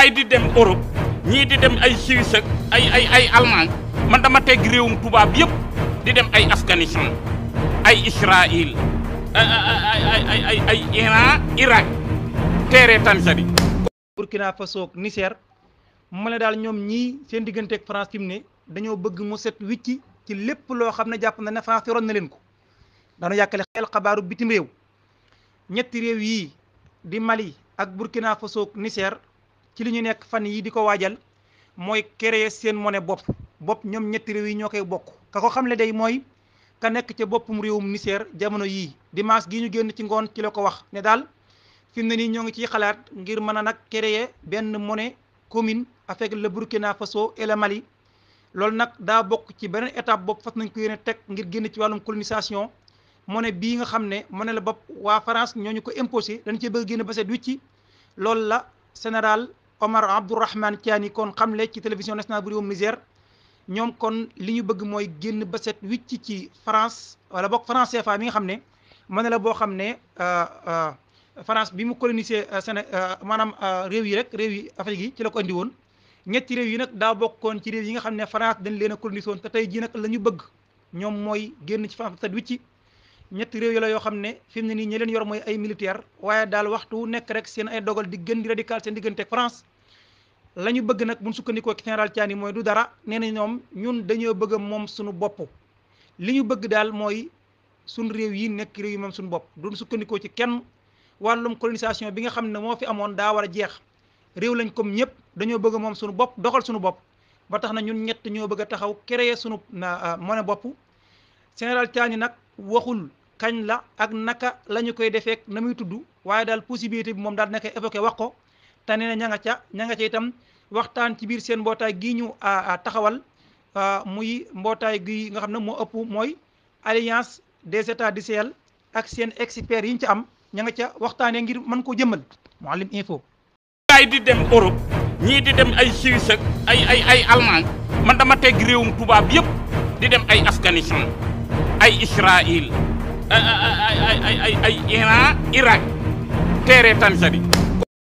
gars yi di dem Europe ñii di dem ay Suisse ay ay Allemagne man dama teg réewum tubaab yëpp di dem ay Afghanistan ay Israël ay ay ay Burkina Faso ak Niger daal ñoom ñii seen digganteeg France fi mu ne dañoo bëgg mu set wicci ci lépp loo xam ne jàpp na ne France yoroon na leen ko dañoo yàkkale xel xabaaru bitim réew ñetti réew yii di Mali ak Burkina Faso ak ci li ñu nekk fan yi diko ko moy créer seen monnaie bop bop ñom ñetti rew yi ñokay bok ka ko xamle day moy ka nekk ca boppum réewum niser jamono yi dimanche gi ñu genn ci ngone ci lako wax ne dal fi mu ñoo ngi xalaat ngir mëna nak créer benn monnaie commune avec le Burkina Faso et le Mali lol nak da bok ci benen étape bop fas nañ ko yene tek ngir genn ci walum colonisation monnaie bi nga xamne monnaie la bop wa France ñooñu ko imposer dañ ci bëgg genn ba set wicci la général Omar Abdul Abdourahmane Tiani kon xamle ci télévision nationale bu réewum Niger ñoom kon li ñu bëgg moy génn ba set wicc ci France wala bok France CFA mi nga xam ne mën na la euh xam France bi mu colonisé Séné manam réew yi rek réew yi Afrique yi ci la ko andi won ñetti réew yi nag daa bokkoon ci réew yi nga xamné France dañ leena a colonisé woon te tey jii nag la bëgg ñom moy génn ci France ba set wicc ñetti réew yi la yoo xam ne fi ñi leen yor moy ay militaire waye dal waxtu nek rek seen ay dogal di gën di radical seen digënté France lañu bëgg nak buñ sukkandi ko général Tiani moy du dara néna ñom ñun dañoo bëgg mom suñu bop liñu bëgg dal moy suñ réew yi nek réew yi mom suñu bop duñ ko ci kenn walum colonisation bi nga xamné mo fi amone da wara jeex réew lañ comme ñëpp dañoo bëgg mom suñu bop doxal suñu bop ba tax na ñun ñett ñoo bëgg taxaw créer suñu euh, monnaie bop général Tiani nak waxul kagn la ak naka lañu koy defee ak namuy tuddu waye dal possibilité mom dal naka évoqué wax ko te na ña ca ñanga ca itam waxtaan ci biir seen mbotay gi ñu taxawal muy mbotay gi nga xamne mo ëpp moy alliance des états du ciel ak seen expert yi ñu ci am ñanga ca waxtaané ngir man ko jëmmal Mouhalim Info. ay di dem Europe ñi di dem ay Suisse ak ay ay ay allemand man dama tégg réewum bi yépp di dem ay Afghanistan ay Israël. ay ay ay ay ay Irak teere Tanzanie